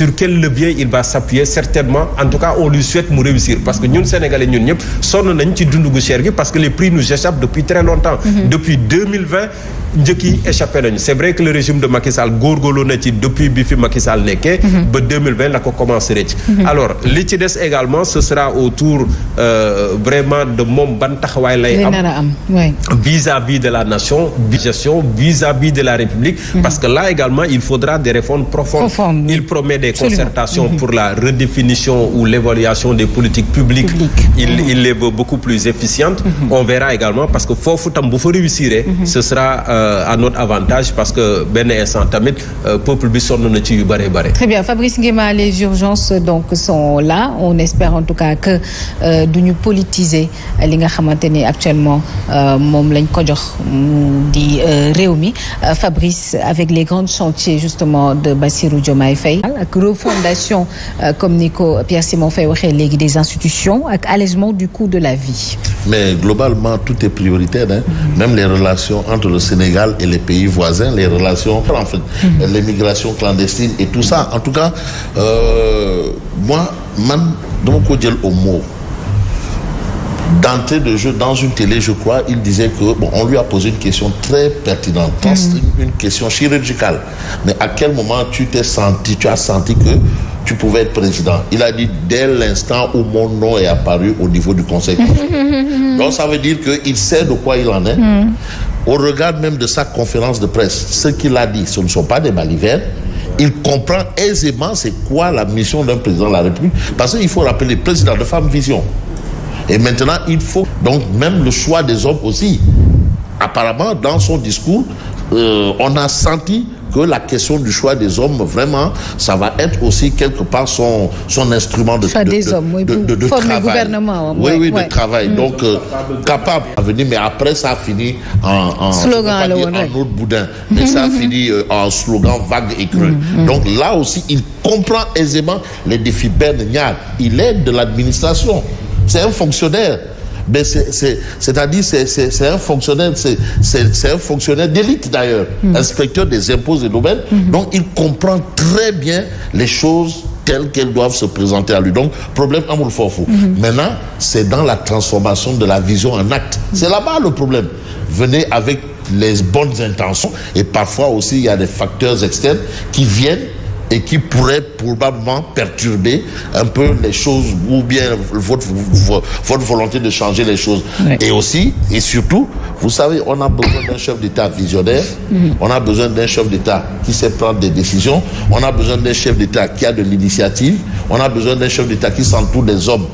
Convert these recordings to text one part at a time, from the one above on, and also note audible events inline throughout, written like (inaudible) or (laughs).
sur quel levier il va s'appuyer certainement en tout cas on lui souhaite mu réussir parce que ñun sénégalais ñun ñëpp sonn nañ ci dundu gu cher gi parce que les prix nous échappent depuis très longtemps. Mm-hmm. depuis njëkk yi échappé nañu c'est vrai que le régime de Macky Sall na ci depuis bi fi Macky Sall nekkee. Mhm. ba 2020 la ko commencé rëcc. Mhm. alors li ci des également ce sera autour euh, vraiment de moom ban taxawaay lay am am vis-à-vis de la nation gestion vis-à-vis de la République. Mhm. parce que là également il faudra des réformes profondes. Profonde, oui. il promet des concertations pour la redéfinition ou l'évaluation des politiques publiques. Publique. il mm les veut beaucoup plus efficientes. on verra également parce que foofu tam bu fa Euh, à notre avantage parce que benn instant tamit euh, peuple bi sonn na ci yu bare bare. très bien Fabrice Nguema les urgences donc sont là on espère en tout cas que euh, du ñu politiser li nga xamante ni actuellement moom lañ ko jox mm, di réew mi Fabrice avec les grands chantiers justement de Bassirou Diomaye Faye ak refondation comme ni ko Pierre Simon Faye waxee léegi des institutions ak allègement du coût de la vie. mais globalement tout est prioritaire mm-hmm. même les relations entre le Sénégal et les pays voisins, les relations, en fait, mmh. l'immigration clandestine et tout ça. En tout cas, euh, moi, man, donc, au mot d'entrée de jeu dans une télé, je crois, il disait que bon, on lui a posé une question très pertinente, mmh. une question chirurgicale. Mais à quel moment tu t'es senti, tu as senti que tu pouvais être président Il a dit dès l'instant où mon nom est apparu au niveau du conseil. Mmh. (laughs) Donc ça veut dire qu'il sait de quoi il en est. Mmh. au regard même de sa conférence de presse, ce qu'il a dit, ce ne sont pas des balivernes. Il comprend aisément c'est quoi la mission d'un président de la République. Parce qu'il faut rappeler, président de Femme Vision. Et maintenant, il faut donc même le choix des hommes aussi. Apparemment, dans son discours, euh, on a senti que la question du choix des hommes, vraiment, ça va être aussi quelque part son, son instrument de, ça de, des de, hommes, oui, de, de travail. Gouvernement, oui, oui, oui, ouais. de travail. Mm. Donc, euh, capable à venir, mais après, ça finit en, en slogan, dire, en autre boudin, mais ça (laughs) finit euh, en slogan vague et creux. Mm, mm. Donc là aussi, il comprend aisément les défis Bernard. Il est de l'administration. C'est un fonctionnaire. mais c'est-à-dire c'est un fonctionnaire, c'est un fonctionnaire d'élite d'ailleurs, mmh. inspecteur des impôts et domaines. Mmh. Donc il comprend très bien les choses telles qu'elles doivent se présenter à lui. Donc, problème Amour Forfou. Mmh. Maintenant, c'est dans la transformation de la vision en acte. Hmm. C'est là-bas le problème. Venez avec les bonnes intentions et parfois aussi il y a des facteurs externes qui viennent et qui pourrait probablement perturber un peu les choses ou bien votre, votre volonté de changer les choses. Oui. Et aussi, et surtout, vous savez, on a besoin d'un chef d'État visionnaire, mm -hmm. on a besoin d'un chef d'État qui sait prendre des décisions, on a besoin d'un chef d'État qui a de l'initiative, on a besoin d'un chef d'État qui s'entoure des hommes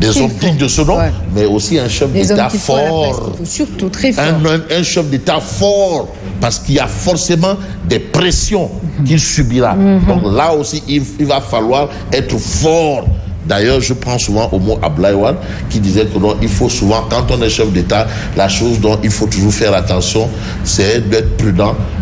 des hommes dignes de ce nom, ouais. mais aussi un chef d'État fort. Presse, surtout très fort. Un, un, un chef d'État fort, parce qu'il y a forcément des pressions mm -hmm. qu'il subira. Mm -hmm. Donc là aussi, il, il, va falloir être fort. D'ailleurs, je prends souvent au mot Ablaïwan qui disait que non, il faut souvent, quand on est chef d'État, la chose dont il faut toujours faire attention, c'est d'être prudent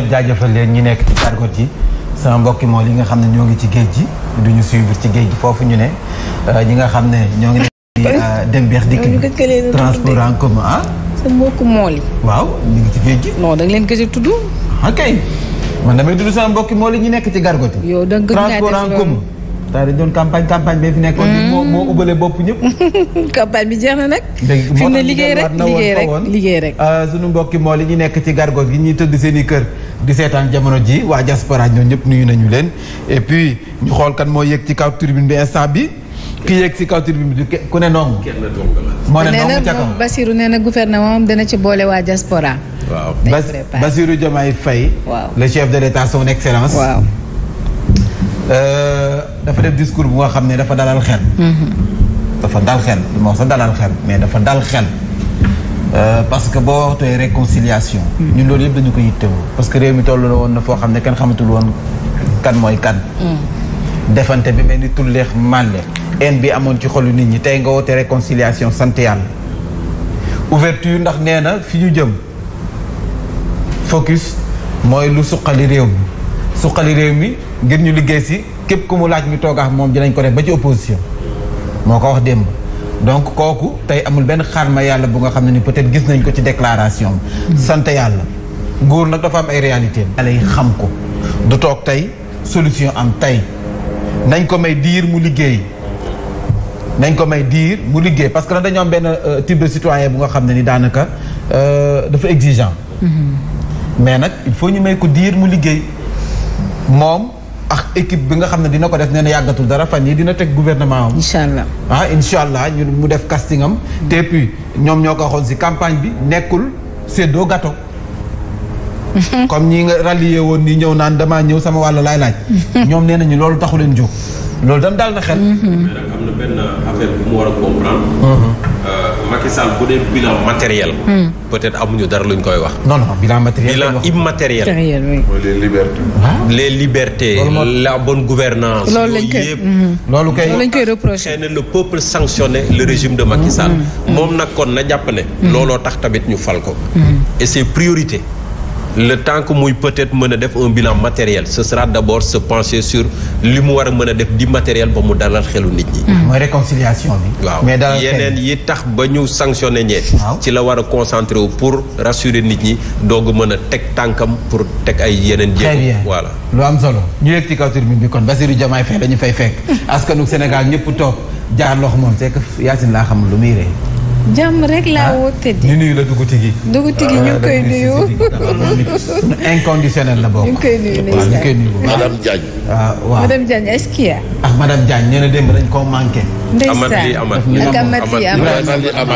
ñëpp jaajëfal leen ñi nekk ci cargot yi sama mbokki mool yi nga xam ne ñoo ngi ci géej gi duñu suivre ci géej gi foofu ñu ne euh, ñi nga xam ne ñoo ngi nekk euh, dem beex dikk bi transport en commun ah sa mbokki mool yi waaw ñu ngi ci géej gi non da nga leen gëj a tudd ok ah, man damay tudd sama mbokki mool yi ñi nekk ci gargot yi transport en daa dañ campagne campagne bee fi nekkoon. Hmm. moo moo ubbale bopp ñëpp. (laughs) campagne bi jeex na nag. léegi moo tax liggéey rek liggéey rek liggéey euh, rek. suñu mbokki moo li ñu nekk ci gargote gi ñuy tëdd seen i kër di seetaan jamono ji waa diaspora ñoom ñëpp nuyu nañu leen et puis ñu xool kan moo yëg ci kaw tribune bi instant bi ki yéeg si kaw tribune bi ku ne noonu. moo ne noonu ca kaw Basirou nee na gouvernement am dana ci boole waa diaspora. waaw Basirou Diomaye fay waaw le chef de l' état son excellence. Euh, dafa def discours bu nga xam ne dafa dalal xel. Mm-hmm. dafa dal xel du sa dalal xel mais dafa dal xel. Euh, parce que boo waxtee réconciliation. Mm-hmm. ñun loolu yëpp dañu ko yittewoo. parce que réew mi toll na woon na foo xam ne kenn xamatul woon kan mooy kan. Mm-hmm. defante bi mel ni tulleex màlle. haine bi amoon ci xolu nit ñi tey nga woote réconciliation sant yàlla. ouverture ndax nee na fi ñu jëm focus mooy lu suqali réew mi suqali réew mi. ngir ñu liggéey si képp ku mu laaj ñu toog ak moom nañ ko def ba ci opposition moo ko wax démb donc kooku tey amul benn xarma yàlla bu nga xam ne ni peut-être gis nañ ko ci déclaration hmm. sant yàlla nguur nag dafa am ay réalité yàlla yi xam ko du toog tey solution am tey nañ ko may diir mu liggéey nañ ko may diir mu liggéey parce que nag dañoo am benn euh, type citoyen bu nga xam ne ni daanaka euh, dafa exigent hmm. mais nag il faut ñu may ko diir mu liggéey moom ak équipe bi nga xam ne dina ko def nee na yàggatul dara fan yi dina teg gouvernement am. incha allah ah incha allah ñu mu def casting am. te puis ñoom ñoo ko xool si campagne bi nekkul séddoo gâteau. (laughs) comme ñi nga rallié woon ni ñëw naan damaa ñëw sama wàll laay laaj. (laughs) ñoom nee nañu loolu taxu leen jóg. loolu dañ daal na xel. Mhm. a comprendre. Mhm. Euh, Macky Sall bu dee bilan matériel. Hmm. peut-être amuñu dara luñ koy wax. non non bilan matériel. bilan immatériel. oui. les libertés. les la bonne gouvernance loolu lañ koy hmm. loolu le peuple sanctionné le régime de Macky hmm. Sall. moom nag kon na jàpp ne. looloo tax tamit ñu fal et ses priorités. le temps que muy peut-être mën a def un bilan matériel ce sera d'abord se pencher sur li mu war a mën a def di matériel ba mu dalal xelu nit ñi. mooy réconciliation bi. waaw yeneen yi tax ba ñu sanctionné ñee. ci la war a concentré pour rassurer nit ñi doog a mën a teg tànkam pour teg ay yeneen. jéego voilà lu am solo ñu yegg ci kaw tur bi kon Bassirou Diomaye Faye la ñu fay fekk (laughs) askanu Sénégal ñëpp toog jaar loxo moom c'est que Yacine laa xam lu muy ree jàmm rek laa ah. woote di. ñu nuyu la dugg tigi. dugg tigi ñu ngi koy nuyu. Ah, inconditionnel la bokk. ñu ngi koy nuyu waaw ñu ngi koy nuyu. madame Diagne. Ah, waaw madame Diagne est-ce a. ah madame Diagne ñu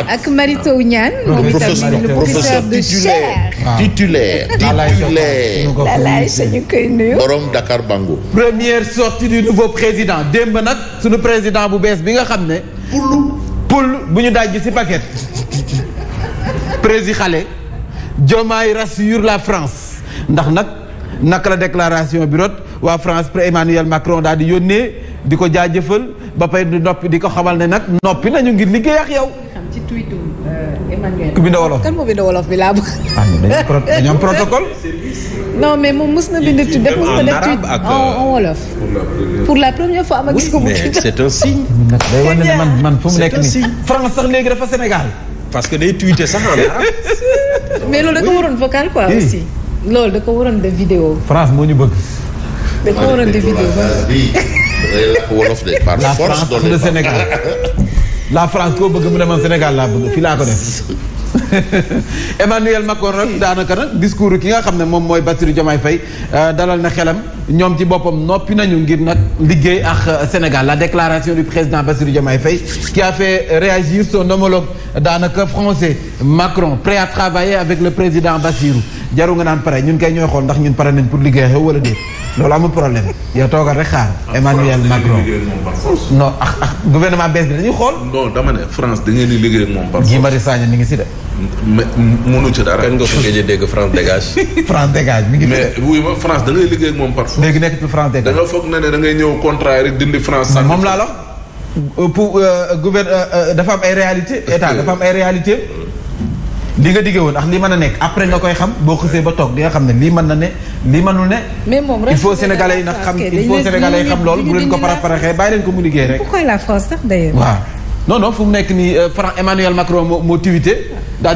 ak Marito Niane. moom itam le professeur de chaire. titulaire titulaire. ñu koy nuyu. borom Dakar Bango. première sortie du nouveau président démb nag sunu président bu bees bi nga xam ne. bu ñu dajji ci paquet président xale Diomaye rassure la France ndax nag naka la déclaration bi rot waa France pré Emmanuel Macron daal di yónnee di ko jaajëfal ba pay noppi di ko xamal ne nag noppi nañu ngir liggéey ak yow ci tuitu euh, Emmanuel. ku bind wolof kan moo bind bi laa bëgg. ah dañoo (laughs) am mais moom mos na bind tuuti def mos na def tuuti euh, la première fois (laughs) man man fu mu nekk nii. France sax léegi dafa Sénégal. parce que day tuité sax (laughs) mais loolu da ko waroon vocal quoi aussi. loolu da ko waroon de vidéo. France moo ñu bëgg. da ko waroon de vidéo. wolof de par force. la Sénégal. la France koo bëgg mu ne man Sénégal laa bëgg fii laa ko def (laughs) Emmanuel Macron nag daanaka nag discours ki nga xam ne moom mooy Bassirou Diomaye Faye euh, dalal na xelam ñoom ci boppam noppi nañu ngir nag liggéey ak euh, Sénégal la déclaration du président Bassirou Diomaye Faye qui a fait réagir son homologue daanaka français Macron prêt à travailler avec le président Bassirou jaru nga naan pare ñun kay ñooy xool ndax ñun pare nañ pour liggéey xew wala déet loolu amul problème yow toogal rek xaar. Ah, Emmanuel Macron non ak ak gouvernement bees bi dañuy xool. non dama ne France da ngeen di liggéey ak moom par force. mi ngi si de. mais munu ci dara. kañ nga ko gëj a dégg France dégage. (laughs) France dégage mais wuy ma France da ngay liggéey moom par force. léegi nekkatul France dégage da nga foog ne ne da ngay ñëw contrat rek dindi France. sànq moom laa la euh, pour euh, gouverne euh, dafa am ay réalité état dafa am ay réalité li nga diggee woon ak li mën a nekk après nga koy xam boo xësee ba toog di nga xam ne lii mën na ne lii mënul ne. mais moom il faut sénégalais yi nag xam il faut sénégalais yi xam loolu bu leen ko paraparaxee bàyyi leen ko mu liggéey rek. fu mu nekk nii euh, Franck Emmanuel Macron moo moo tiwite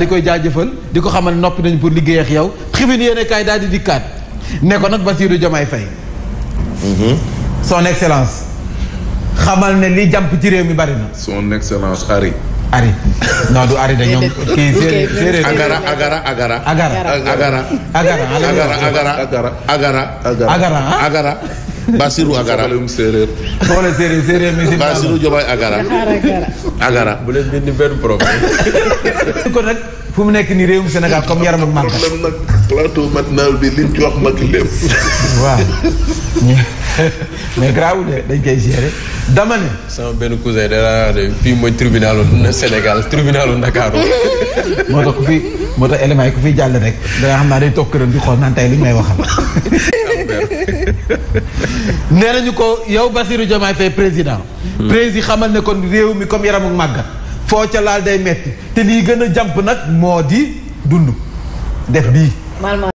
di koy jaajëfal di ko xamal noppi nañu pour liggéey ak yow xibin yéen kaay daal di dikkaat ne ko nag Bassirou Diomaye Faye. Mm-hmm. son excellence. xamal ne li jàmp ci réew mi bari na. son excellence Harry ari non du ari de ñoom kii séeréer agara agara agara agara agara agara agara Bassirou Agara xoolal séeréer. xoolal séeréer séeréer mi si. Bassirou Agara. Agara bu leen bind benn problème. (laughs) kon nag fu mu nekk nii réewum Sénégal comme yaram ak mànk. problème nag plateau matinal bi liñ ci (laughs) (laughs) fii mooy tribunalu Ndakaaru. moo tax ku fi moo tax éléments yi ku fi jàll rek da xam naa day toog këram di xool naan tey li may waxal. (laughs) nee nañu ko yow Bassirou Diomaye Faye président. Hmm. président xamal ne kon réew mi comme yaramu ak màggat. foo ca laal day metti te lii gën a jàmp nag moo di dund def bii.